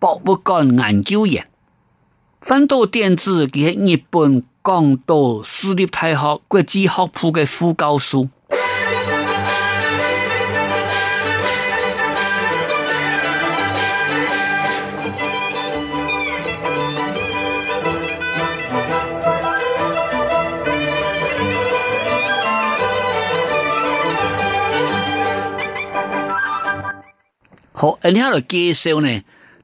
博物館研究員，飯島典子，佢係日本廣島私立大學國際學部嘅副教授。嗯、好，誒，你喺度介紹呢？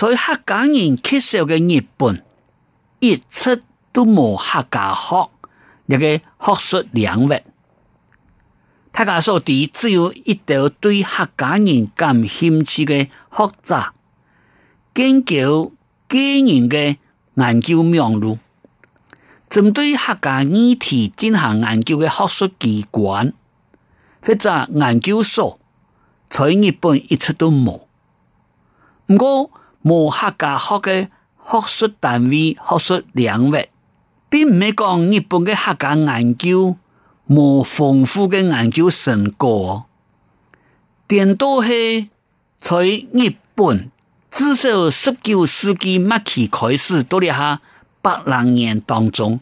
在客家人缺少的日本，一切都冇客家學呢個學術領域，大家所知只有一條對客家人感興趣嘅學者，研究基因嘅研究名錄，針對客家議題進行研究嘅學術機關或者研究所，在日本一出都冇，唔過。冇客家學嘅學術單位、學術領域，並唔係講日本嘅客家研究冇豐富嘅研究成果。頂多係在日本至少十九世紀末期開始，到咗下百零年，年當中，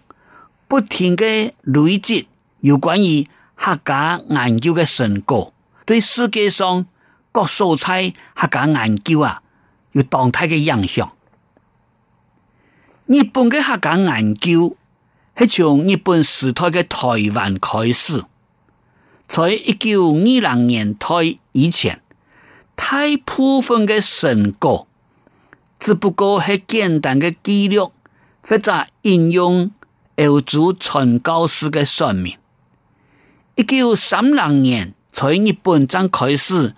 不停嘅累積有關於客家研究嘅成果，對世界上各蔬菜客家研究啊，有動態的影響，日本的客家研究是從日本時代的台灣開始，在一九二零年代以前，大部分的神稿只不過係簡單的記錄或者應用歐洲傳教士的說明。一九三零年在日本才開始。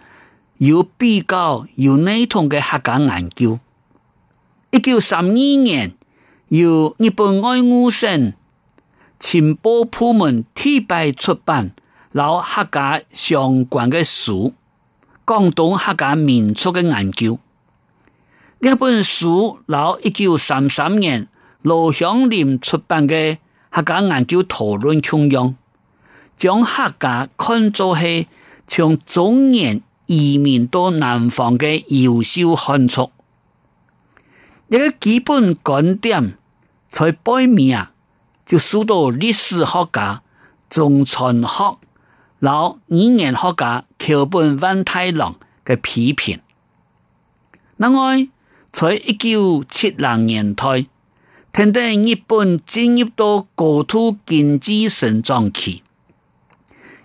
有比較有內通嘅客家研究。一九三二年，由日本外務省情報部門替辦出版老客家相關嘅書，廣東客家民族嘅研究。呢本書，老一九三三年羅香林出版嘅客家研究討論叢用，將客家看作係從中原移民到南方嘅優秀漢族，呢個基本觀點在背面啊，就受到歷史學家、宗傳學、老語言學家橋本萬太郎嘅批評。另外，在一九七零年代，聽到日本進入到高度經濟成長期，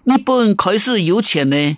日本開始有錢呢。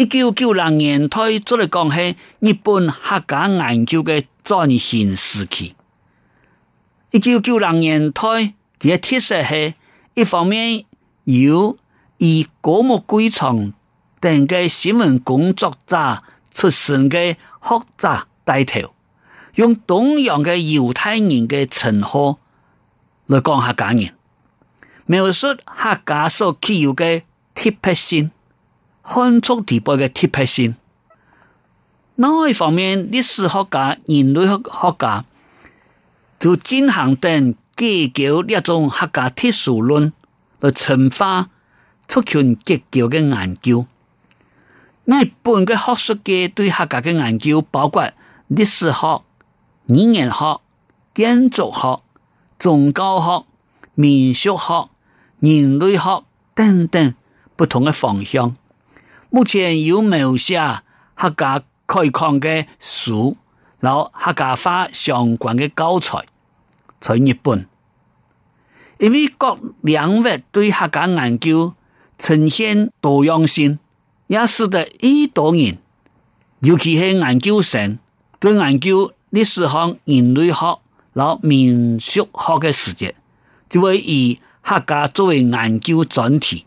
一九九零年代，主要講係日本客家研究嘅轉型時期。一九九零年代嘅特色係，一方面由以古木圭藏等嘅新聞工作者出身嘅學者帶頭，用東洋嘅猶太人嘅稱呼來講客家人，描述客家所具有嘅特別性。漢族地域嘅特別性，另一、那個、方面，歷史學家、人類學家就進行等結構呢種客家特殊論來深化族群結構嘅研究。日本嘅學術界對客家嘅研究包括歷史學、語言學、建築學、宗教學、民俗學、人類學等等不同嘅方向。目前有描寫客家開礦的書，然後客家發相關的教材，在日本，因為各領域對客家研究呈現多樣性，也使得許多人，尤其是研究生，對研究歷史學、人類學、然後民俗學的世界，就會以客家作為研究主題。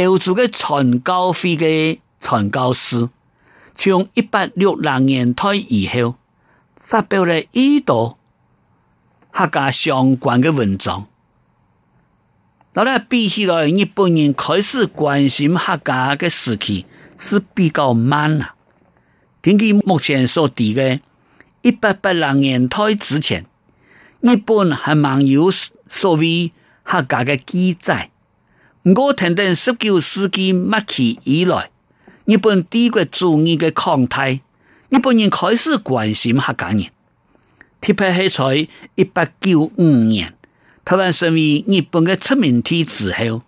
要做嘅傳教士嘅傳教士，從一八六零年代以後，發表了一多客家相關的文章。嗱，比起嚟日本人開始關心客家的時期是比較慢了，根據目前所知的，一八八零年代之前，日本還冇有所謂客家的記載。我聽到十九世紀末期以來，日本帝國主義嘅抗台，日本人開始關心客家人。特別係在一八九五年，台灣成為日本嘅殖民地之後，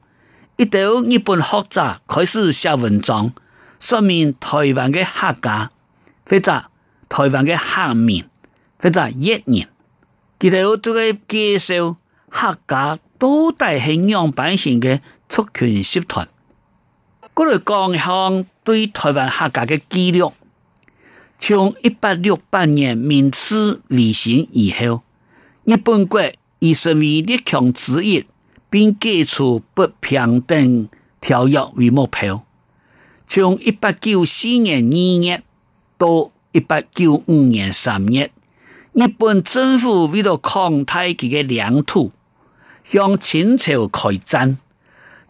一度日本學者開始寫文章說明台灣嘅客家，或者台灣嘅客民，或者日人。佢哋我都會介紹客家到底係樣版型嘅。促權集團，過來講一講對台灣客家嘅記錄。從一八六八年明治維新以後，日本國已成為列強之一，並給出不平等條約為目標。從一八九四年二月到一八九五年三月，日本政府為了擴大佢嘅領土，向清朝開戰。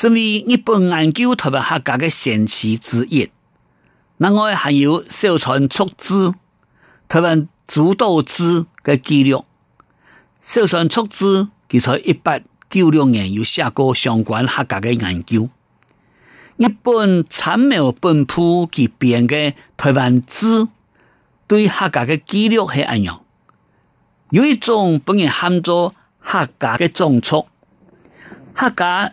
身為日本研究台灣客家的先驅之一，另外還有授權出資、台灣主導資嘅記錄。收藏出資，佢在一八九六年有寫過相關客家的研究。日本參謀本部佢編的台灣誌對客家的記錄係怎樣？有一種本嚟喊做客家的種族，客家。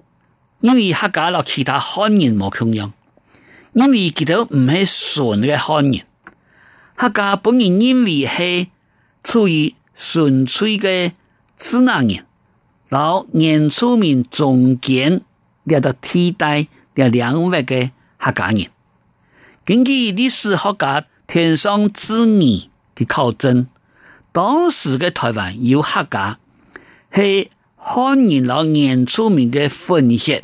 因為客家同其他漢人冇同樣，因為佢哋唔係純嘅漢人，客家本然認為係處於純粹嘅支那人，然後原住民中間列到替代列兩萬嘅客家人。根據歷史學家田上之二嘅考證，當時嘅台灣有客家係漢人同原住民嘅混血。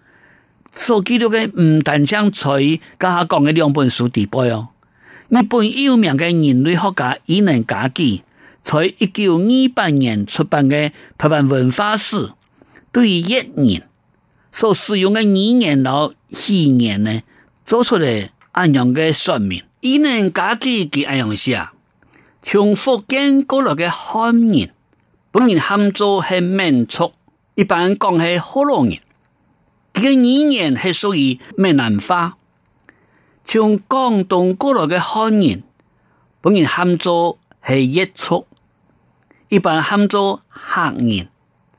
所記錄嘅唔單止在家下講的兩本書底部哦，日本有名的人類學家伊能嘉矩在一九二八年出版的《台灣文化志》對於一年所使用的語言同方言呢，做出嚟一樣的說明。伊能嘉矩嘅一樣係啊，從福建過來的漢人，本人漢族係閩族，一般講係河洛人。佢嘅語言係屬於閩南話，從廣東過來嘅漢人，本人喊做係粵族，一般喊做客人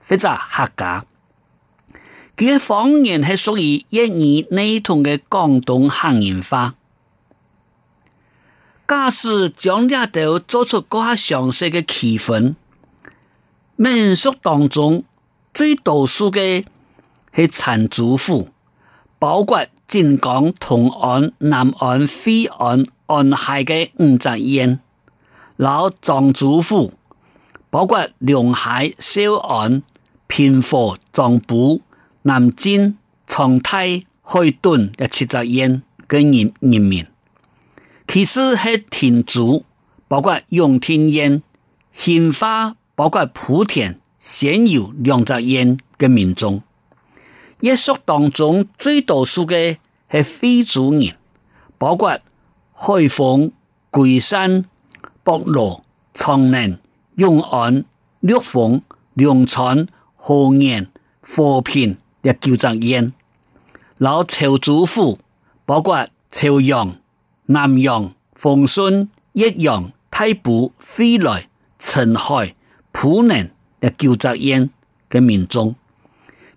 或者客家。佢嘅方言係屬於粵語內同嘅廣東漢人話。假使將呢一度做出嗰下詳細嘅區分，民俗當中最特殊嘅。係泉州府，包括晉江、同安、南安、惠安、安海嘅五隻縣；老漳州府，包括龍海、詔安、平和、漳浦、南靖、長泰、海澄嘅七隻縣嘅人人民。其次係天主，包括永天縣、杏花，包括莆田、仙遊兩隻縣嘅民眾。耶穌當中最多數嘅係惠州府，包括海豐、歸善、博羅、長寧、永安、陸豐、龍川、河源、和平嘅九族人，老潮州府，包括潮陽、南陽、豐順、揭陽、大埔、惠來、澄海、普寧嘅九族人嘅民眾。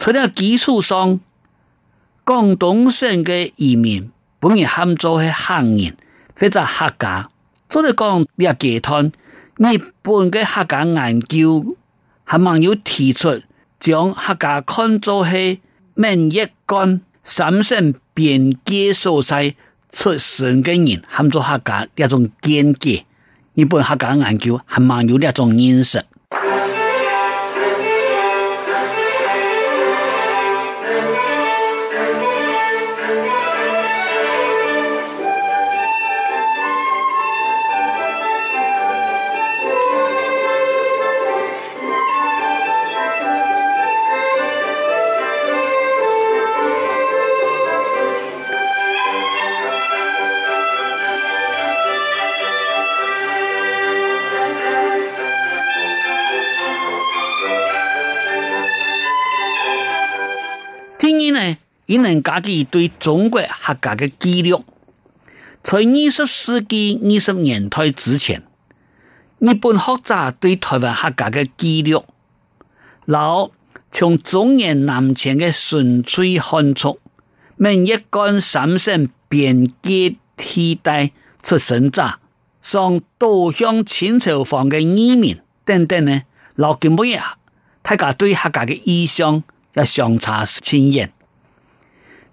除了基礎上，廣東省的移民本也喊做嘅漢人或者客家，做咗講呢一階段，日本嘅客家的研究還蠻有提出，將客家看做係閩粵贛三省邊界所在出生嘅人，喊做客家呢種見解。日本的客家的研究還蠻有呢種認識。印能假計對中國客家的記錄，在二十世紀二十年代之前，日本學者對台灣客家的記錄，然後從中原南遷的純粹漢族，閩粵贛三省邊界地帶出生者，上多向清朝放嘅移民等等呢，老根本啊，大家對客家的意向也相差甚遠。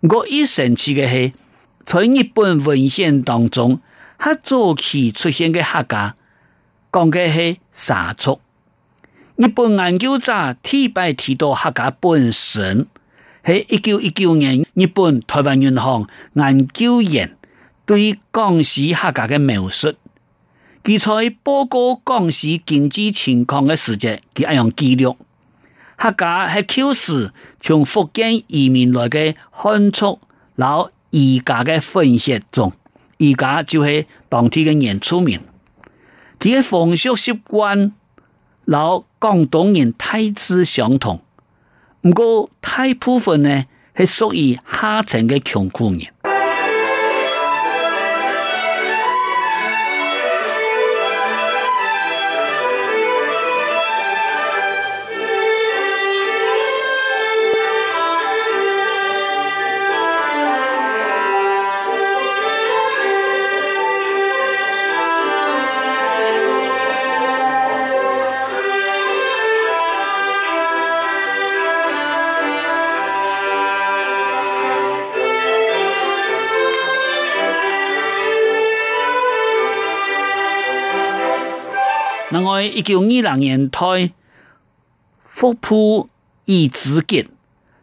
我以前識嘅係，在日本文獻當中，較早期出現嘅客家，講嘅係畲族。日本研究者特別提到客家本身係一九一九年日本台灣銀行研究員對江西客家的描述，記在報告江西經濟情況的時節，佢係噉樣記錄。客家係肇氏從福建移民來嘅漢族佬，而家嘅分析中，而家就係當地嘅原住民，佢嘅風俗習慣，老廣東人大致相同，唔過大部分呢係屬於下層嘅窮苦人。一九二零年代，福普易子杰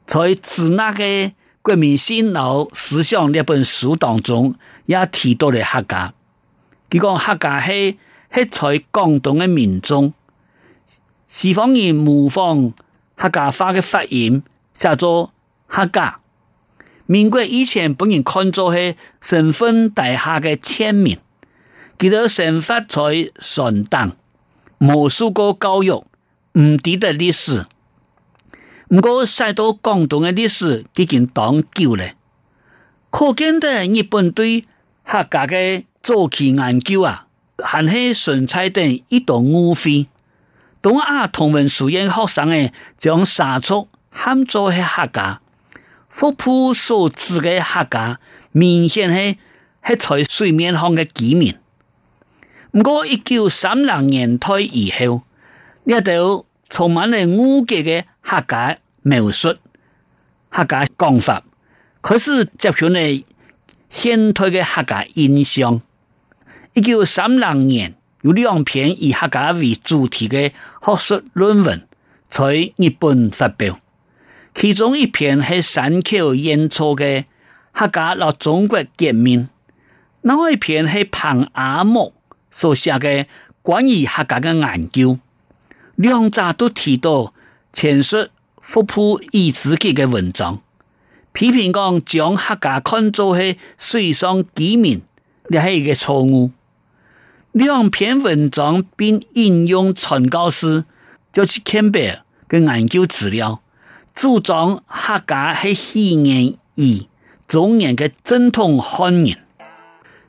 在《自那嘅國民新老思想》一本書當中也提到了客家。佢講客家係喺在廣東嘅民眾，西方人模仿客家話嘅發音，寫作客家。民國以前本人看作係成分大廈嘅簽名，記得成佛在順當。無數個教育唔止的歷史，唔過西多廣東的歷史已經長久了。可見得日本對客家嘅早期研究啊，係喺純粹嘅一朵誤會。東亞同文書院學生誒，將畲族喊做的客家，福普所指嘅客家，明顯係係在水面上嘅居民。唔過一九三零年退役後，一道充滿了烏記嘅客家描述、客家講法，可是接近呢先退嘅客家印象。一九三零年有兩篇以客家為主題嘅學術論文在日本發表，其中一篇係山口彥初嘅《客家到中國革命》，另外一篇係彭阿木。所寫嘅關於客家嘅研究，兩則都提到前述福普伊斯基嘅文章，批評講，將客家看作係水上居民，係一個錯誤。兩篇文章並引用傳教士，就是坎貝爾嘅研究資料，主張客家係漢人，而中原嘅正統漢人。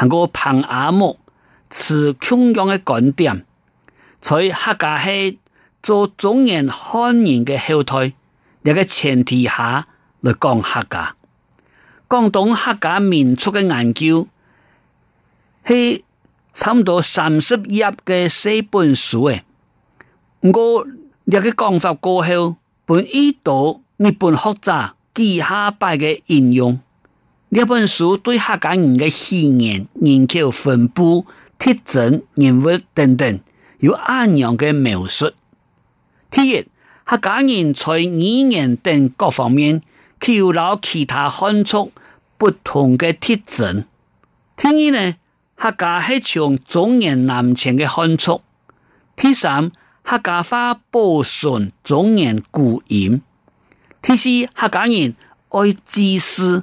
通過彭阿木持同樣的觀點，在客家係做中原漢人嘅後裔一個前提下來講客家，講到客家民俗嘅研究，係差唔多三十頁嘅四本書誒。我呢個講法過後，本意度日本學者記下拜嘅引用。呢本書對客家人嘅語言、人口分布、特徵、人物等等有咁樣嘅描述。第一，客家人在語言等各方面跳老其他漢族不同嘅特徵。第二呢，客家係從中原南遷嘅漢族。第三，客家話保存，中原古音。第四，客家人愛祭祀。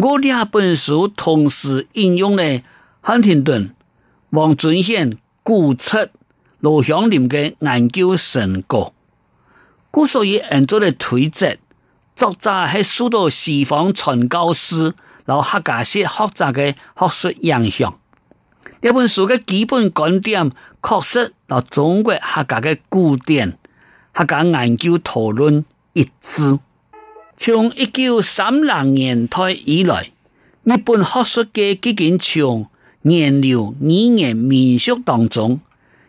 我兩本書同時應用了亨廷頓、王尊賢、顧徹、羅香林的研究成果，故所以按做了推測。作者係受到西方傳教士，然後客家些複雜嘅學術影響。呢本書嘅基本觀點，確實同中國客家嘅古典客家研究討論一致。從一九三零年代以來，日本學術界幾經從研究語言民俗當中，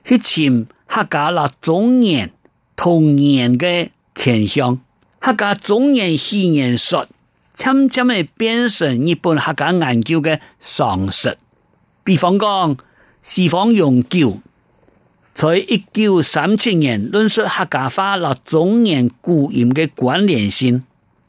去尋客家那中原同源的現象，客家中原起源說漸漸的變成日本客家研究的常識。比方講，西方用舊，在一九三七年論述客家話那中原古音的關聯性。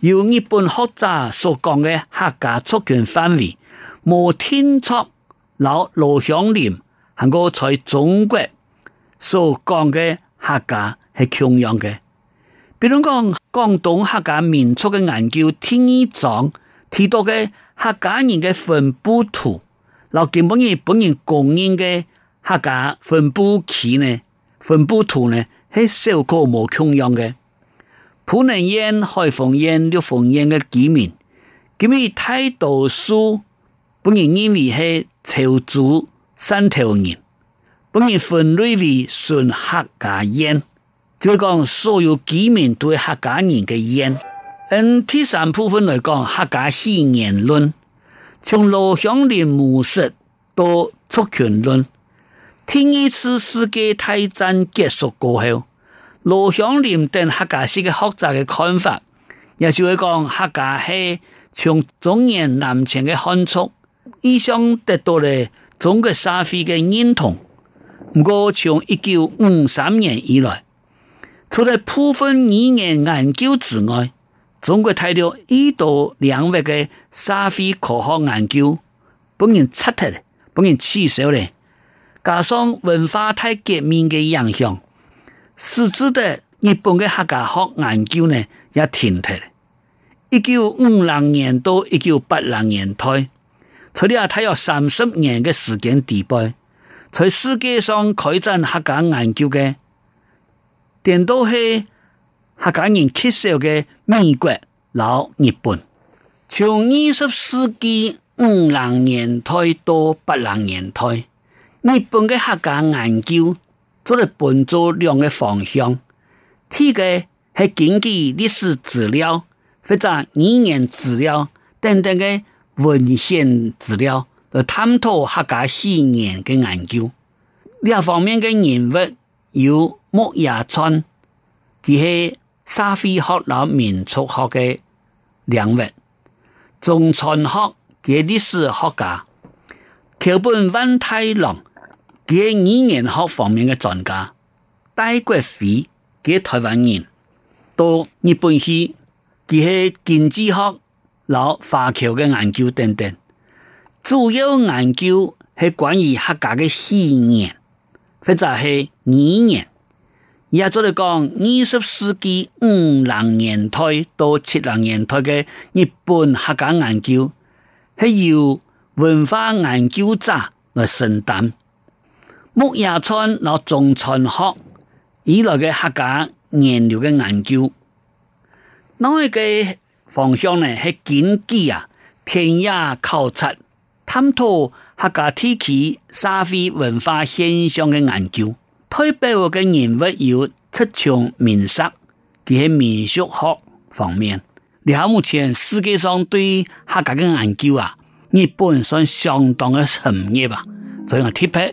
由日本學者所講嘅客家族群範圍，無天卒、老羅鄉蓮，韓國在中國所講嘅客家係同樣嘅。比如講廣東客家民族嘅研究，天衣章提到嘅客家人嘅分布圖，老根本日本人公認嘅客家分布區呢、分布圖呢，係效果冇同樣嘅。普寧縣、海豐縣、陸豐縣的居民，書本人因為大多數本人認為係潮州汕頭人，本人分類為純客家縣。再、就、講、是、所有居民都係客家人的縣。嗯，第三部分來講客家起源論，從羅香林的模式到族群論，第一次世界大戰結束過後。羅香林等客家史的複雜的看法，也就是會講客家係從中原南遷的漢族，一向得到了中國社會的認同。不過從一九五三年以來，除了部分語言研究之外，中國大陸一度兩萬的社會科學研究，本然撤退，本然取消了，加上文化太革命的影響。實質的日本嘅客家學研究呢，也停脫。一九五零年到一九八零年代，除了啊，大約三十年嘅時間，地位在世界上開展客家研究嘅，頂都係客家人缺少嘅美國、老日本。從二十世紀五零年代到八零年代，日本嘅客家研究。做了分做兩個方向，第一個是根據歷史資料或者語言資料等等的文獻資料來探討客家語言嘅研究。兩方面的人物有莫亞川，即係社會學、民族學嘅兩位，中川學嘅歷史學家，橋本萬太郎。佢係語言學方面嘅專家，戴國煇，佢台灣人到日本去，佢係經濟學、老華僑嘅研究等等，主要研究係關於客家嘅方言，非就係語言。也做嚟講，二十世紀五零年代到七零年代嘅日本客家研究，係由文化研究者來承擔。木葉春攞中傳學以來嘅客家研究，嗱、那個方向呢係緊記啊，天涯考察，探討客家地區社會文化現象嘅研究。代表嘅人物有七長面識，佢係民俗學方面。而目前世界上對客家嘅研究啊，一般算相當嘅深入吧、啊。所以我貼牌。